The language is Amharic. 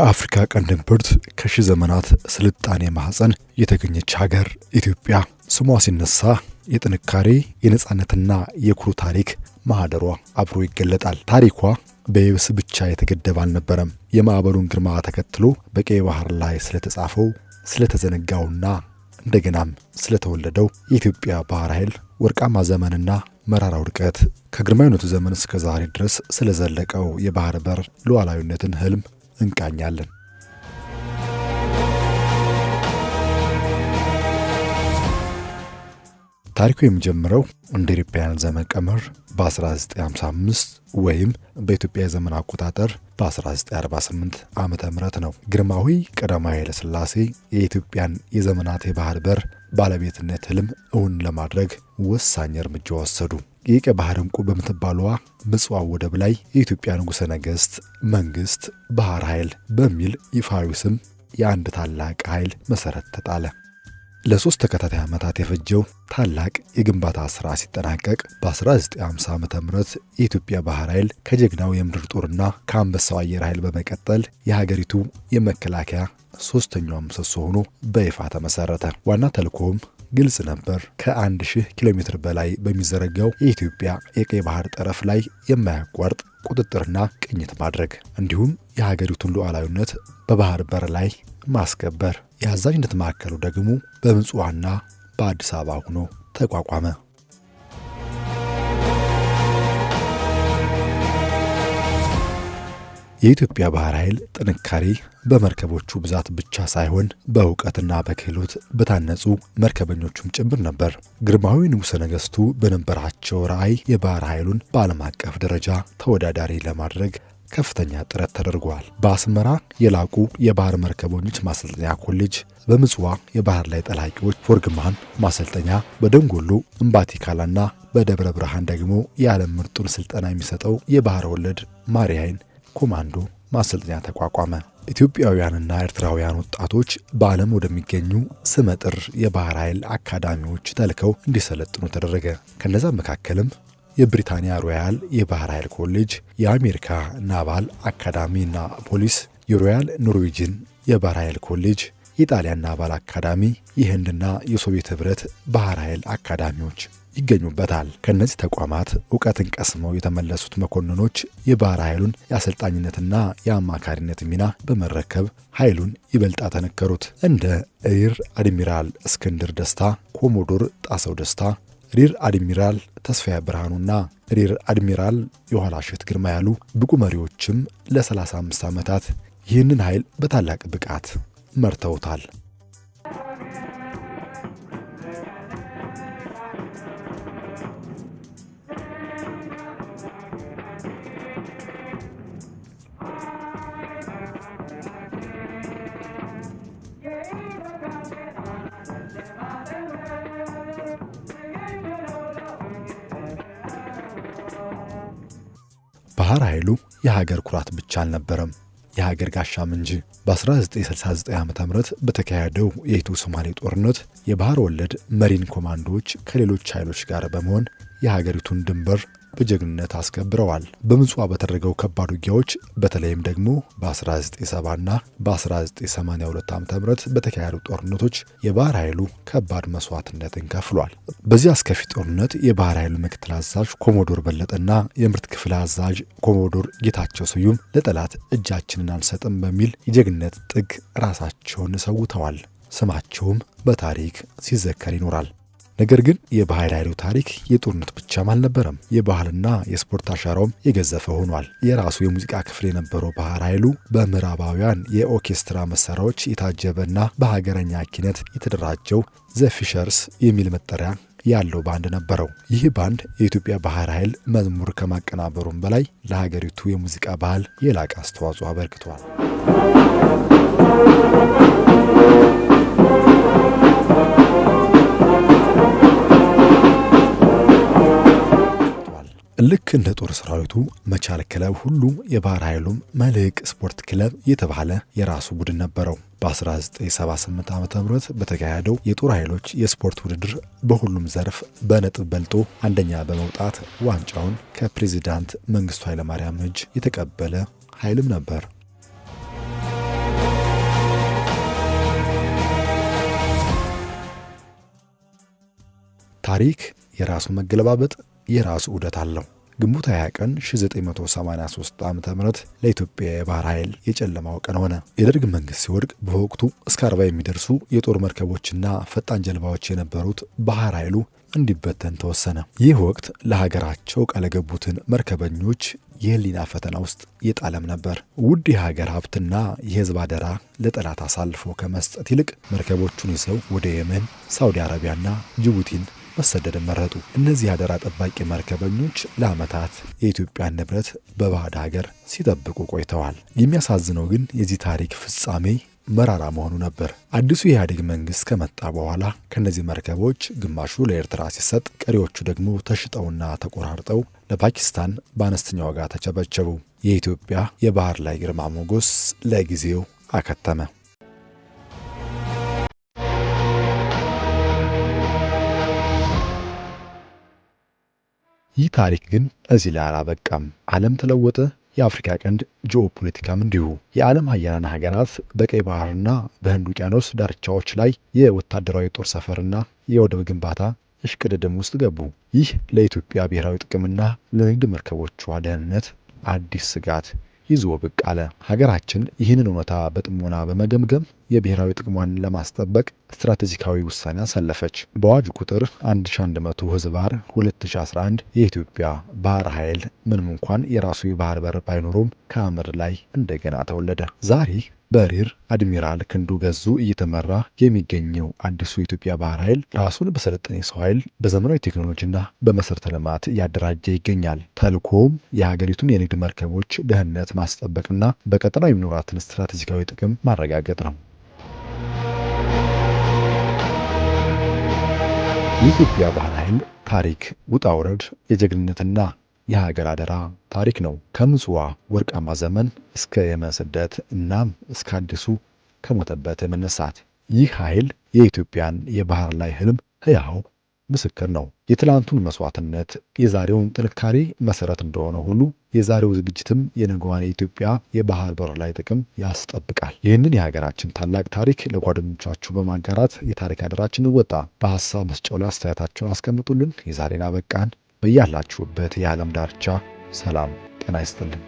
ከአፍሪካ ቀንድን ብርት ከሺ ዘመናት ስልጣኔ ማህፀን የተገኘች ሀገር ኢትዮጵያ ስሟ ሲነሳ የጥንካሬ የነፃነትና የኩሩ ታሪክ ማህደሯ አብሮ ይገለጣል። ታሪኳ በየብስ ብቻ የተገደበ አልነበረም። የማዕበሉን ግርማ ተከትሎ በቀይ ባህር ላይ ስለተጻፈው ስለተዘነጋውና እንደገናም ስለተወለደው የኢትዮጵያ ባህር ኃይል ወርቃማ ዘመንና መራራ ውድቀት ከግርማዊነቱ ዘመን እስከ ዛሬ ድረስ ስለዘለቀው የባህር በር ሉዓላዊነትን ህልም እንቃኛለን። ታሪኩ የሚጀምረው እንደ ኢትዮጵያውያን ዘመን ቀመር በ1955 ወይም በኢትዮጵያ የዘመን አቆጣጠር በ1948 ዓ ም ነው። ግርማዊ ቀዳማዊ ኃይለሥላሴ የኢትዮጵያን የዘመናት የባህር በር ባለቤትነት ህልም እውን ለማድረግ ወሳኝ እርምጃ ወሰዱ። የቀ ባህር እንቁ በምትባለዋ ምጽዋ ወደብ ላይ የኢትዮጵያ ንጉሠ ነገሥት መንግሥት ባህር ኃይል በሚል ይፋዊ ስም የአንድ ታላቅ ኃይል መሠረት ተጣለ። ለሦስት ተከታታይ ዓመታት የፈጀው ታላቅ የግንባታ ሥራ ሲጠናቀቅ በ1950 ዓ ም የኢትዮጵያ ባህር ኃይል ከጀግናው የምድር ጦርና ከአንበሳው አየር ኃይል በመቀጠል የሀገሪቱ የመከላከያ ሦስተኛው ምሰሶ ሆኖ በይፋ ተመሠረተ። ዋና ተልእኮውም ግልጽ ነበር። ከአንድ ሺህ ኪሎ ሜትር በላይ በሚዘረጋው የኢትዮጵያ የቀይ ባህር ጠረፍ ላይ የማያቋርጥ ቁጥጥርና ቅኝት ማድረግ እንዲሁም የሀገሪቱን ሉዓላዊነት በባህር በር ላይ ማስከበር የአዛዥነት ማዕከሉ ደግሞ በምጽዋና በአዲስ አበባ ሆኖ ተቋቋመ። የኢትዮጵያ ባህር ኃይል ጥንካሬ በመርከቦቹ ብዛት ብቻ ሳይሆን በእውቀትና በክህሎት በታነጹ መርከበኞቹም ጭምር ነበር። ግርማዊ ንጉሠ ነገሥቱ በነበራቸው ራዕይ የባህር ኃይሉን በዓለም አቀፍ ደረጃ ተወዳዳሪ ለማድረግ ከፍተኛ ጥረት ተደርጓል። በአስመራ የላቁ የባህር መርከበኞች ማሰልጠኛ ኮሌጅ፣ በምጽዋ የባህር ላይ ጠላቂዎች ፎርግማን ማሰልጠኛ፣ በደንጎሎ እምባቲካላና በደብረ ብርሃን ደግሞ የዓለም ምርጡን ስልጠና የሚሰጠው የባህር ወለድ ማሪያይን ኮማንዶ ማሰልጠኛ ተቋቋመ። ኢትዮጵያውያንና ኤርትራውያን ወጣቶች በዓለም ወደሚገኙ ስመጥር የባህር ኃይል አካዳሚዎች ተልከው እንዲሰለጥኑ ተደረገ። ከነዛ መካከልም የብሪታንያ ሮያል የባህር ኃይል ኮሌጅ፣ የአሜሪካ ናቫል አካዳሚ እና ፖሊስ፣ የሮያል ኖርዌጅን የባህር ኃይል ኮሌጅ የጣሊያን ናቫል አካዳሚ፣ የህንድና የሶቪየት ህብረት ባህር ኃይል አካዳሚዎች ይገኙበታል። ከእነዚህ ተቋማት እውቀትን ቀስመው የተመለሱት መኮንኖች የባህር ኃይሉን የአሰልጣኝነትና የአማካሪነት ሚና በመረከብ ኃይሉን ይበልጥ ተነከሩት። እንደ ሪር አድሚራል እስክንድር ደስታ፣ ኮሞዶር ጣሰው ደስታ፣ ሪር አድሚራል ተስፋዬ ብርሃኑና ሪር አድሚራል የኋላሸት ግርማ ያሉ ብቁ መሪዎችም ለ35 ዓመታት ይህንን ኃይል በታላቅ ብቃት መርተውታል። ባህር ኃይሉ የሀገር ኩራት ብቻ አልነበረም። የሀገር ጋሻም እንጂ። በ1969 ዓ ም በተካሄደው የኢትዮ ሶማሌ ጦርነት የባህር ወለድ መሪን ኮማንዶዎች ከሌሎች ኃይሎች ጋር በመሆን የሀገሪቱን ድንበር በጀግንነት አስከብረዋል። በምጽዋ በተደረገው ከባድ ውጊያዎች በተለይም ደግሞ በ1970ና በ1982 ዓ ም በተካሄዱ ጦርነቶች የባህር ኃይሉ ከባድ መስዋዕትነትን ከፍሏል። በዚህ አስከፊ ጦርነት የባህር ኃይሉ ምክትል አዛዥ ኮሞዶር በለጠና የምርት ክፍል አዛዥ ኮሞዶር ጌታቸው ስዩም ለጠላት እጃችንን አንሰጥም በሚል የጀግንነት ጥግ ራሳቸውን ሰውተዋል። ስማቸውም በታሪክ ሲዘከር ይኖራል። ነገር ግን የባህር ኃይሉ ታሪክ የጦርነት ብቻም አልነበረም። የባህልና የስፖርት አሻራውም የገዘፈ ሆኗል። የራሱ የሙዚቃ ክፍል የነበረው ባህር ኃይሉ በምዕራባውያን የኦርኬስትራ መሳሪያዎች የታጀበና በሀገረኛ ኪነት የተደራጀው ዘፊሸርስ የሚል መጠሪያ ያለው ባንድ ነበረው። ይህ ባንድ የኢትዮጵያ ባህር ኃይል መዝሙር ከማቀናበሩም በላይ ለሀገሪቱ የሙዚቃ ባህል የላቀ አስተዋጽኦ አበርክቷል። ልክ እንደ ጦር ሰራዊቱ መቻል ክለብ ሁሉም የባህር ኃይሉም መልህቅ ስፖርት ክለብ የተባለ የራሱ ቡድን ነበረው። በ1978 ዓ ም በተካሄደው የጦር ኃይሎች የስፖርት ውድድር በሁሉም ዘርፍ በነጥብ በልጦ አንደኛ በመውጣት ዋንጫውን ከፕሬዚዳንት መንግስቱ ኃይለማርያም እጅ የተቀበለ ኃይልም ነበር። ታሪክ የራሱ መገለባበጥ የራሱ ዑደት አለው። ግንቦት 20 ቀን 1983 ዓ ም ለኢትዮጵያ የባህር ኃይል የጨለማው ቀን ሆነ። የደርግ መንግስት ሲወድቅ በወቅቱ እስከ 40 የሚደርሱ የጦር መርከቦችና ፈጣን ጀልባዎች የነበሩት ባህር ኃይሉ እንዲበተን ተወሰነ። ይህ ወቅት ለሀገራቸው ቃል የገቡትን መርከበኞች የህሊና ፈተና ውስጥ የጣለም ነበር። ውድ የሀገር ሀብትና የህዝብ አደራ ለጠላት አሳልፎ ከመስጠት ይልቅ መርከቦቹን ይዘው ወደ የመን፣ ሳውዲ አረቢያና ጅቡቲን መሰደድን መረጡ። እነዚህ አደራ ጠባቂ መርከበኞች ለዓመታት የኢትዮጵያን ንብረት በባዕድ ሀገር ሲጠብቁ ቆይተዋል። የሚያሳዝነው ግን የዚህ ታሪክ ፍጻሜ መራራ መሆኑ ነበር። አዲሱ የኢህአዴግ መንግስት ከመጣ በኋላ ከእነዚህ መርከቦች ግማሹ ለኤርትራ ሲሰጥ፣ ቀሪዎቹ ደግሞ ተሽጠውና ተቆራርጠው ለፓኪስታን በአነስተኛ ዋጋ ተቸበቸቡ። የኢትዮጵያ የባህር ላይ ግርማ ሞገስ ለጊዜው አከተመ። ይህ ታሪክ ግን እዚህ ላይ አላበቃም። ዓለም ተለወጠ። የአፍሪካ ቀንድ ጂኦፖለቲካም እንዲሁ። የዓለም ሀያላን ሀገራት በቀይ ባህርና በህንድ ውቅያኖስ ዳርቻዎች ላይ የወታደራዊ ጦር ሰፈርና የወደብ ግንባታ እሽቅድድም ውስጥ ገቡ። ይህ ለኢትዮጵያ ብሔራዊ ጥቅምና ለንግድ መርከቦቿ ደህንነት አዲስ ስጋት ይዞ ብቅ አለ። ሀገራችን ይህንን እውነታ በጥሞና በመገምገም የብሔራዊ ጥቅሟን ለማስጠበቅ ስትራቴጂካዊ ውሳኔ አሳለፈች። በአዋጅ ቁጥር 1100 ህዝባር 2011 የኢትዮጵያ ባህር ኃይል ምንም እንኳን የራሱ የባህር በር ባይኖረውም ከአምር ላይ እንደገና ተወለደ። ዛሬ በሪር አድሚራል ክንዱ ገዙ እየተመራ የሚገኘው አዲሱ የኢትዮጵያ ባህር ኃይል ራሱን በሰለጠነ ሰው ኃይል በዘመናዊ ቴክኖሎጂና በመሰረተ ልማት እያደራጀ ይገኛል። ተልኮም የሀገሪቱን የንግድ መርከቦች ደህንነት ማስጠበቅና በቀጠናው የሚኖራትን ስትራቴጂካዊ ጥቅም ማረጋገጥ ነው። የኢትዮጵያ ባህር ኃይል ታሪክ ውጣ ውረድ፣ የጀግንነትና የሀገር አደራ ታሪክ ነው። ከምጽዋ ወርቃማ ዘመን እስከ የመ እናም እስከ አዲሱ ከሞተበት መነሳት ይህ ኃይል የኢትዮጵያን የባህር ላይ ህልም ህያው ምስክር ነው። የትላንቱን መስዋዕትነት የዛሬውን ጥንካሬ መሰረት እንደሆነ ሁሉ የዛሬው ዝግጅትም የነገዋን የኢትዮጵያ የባህር በር ላይ ጥቅም ያስጠብቃል። ይህንን የሀገራችን ታላቅ ታሪክ ለጓደኞቻችሁ በማጋራት የታሪክ አደራችን እንወጣ። በሀሳብ መስጫው ላይ አስተያየታችሁን አስቀምጡልን። የዛሬን አበቃን። በያላችሁበት የዓለም ዳርቻ ሰላም ጤና ይስጥልን።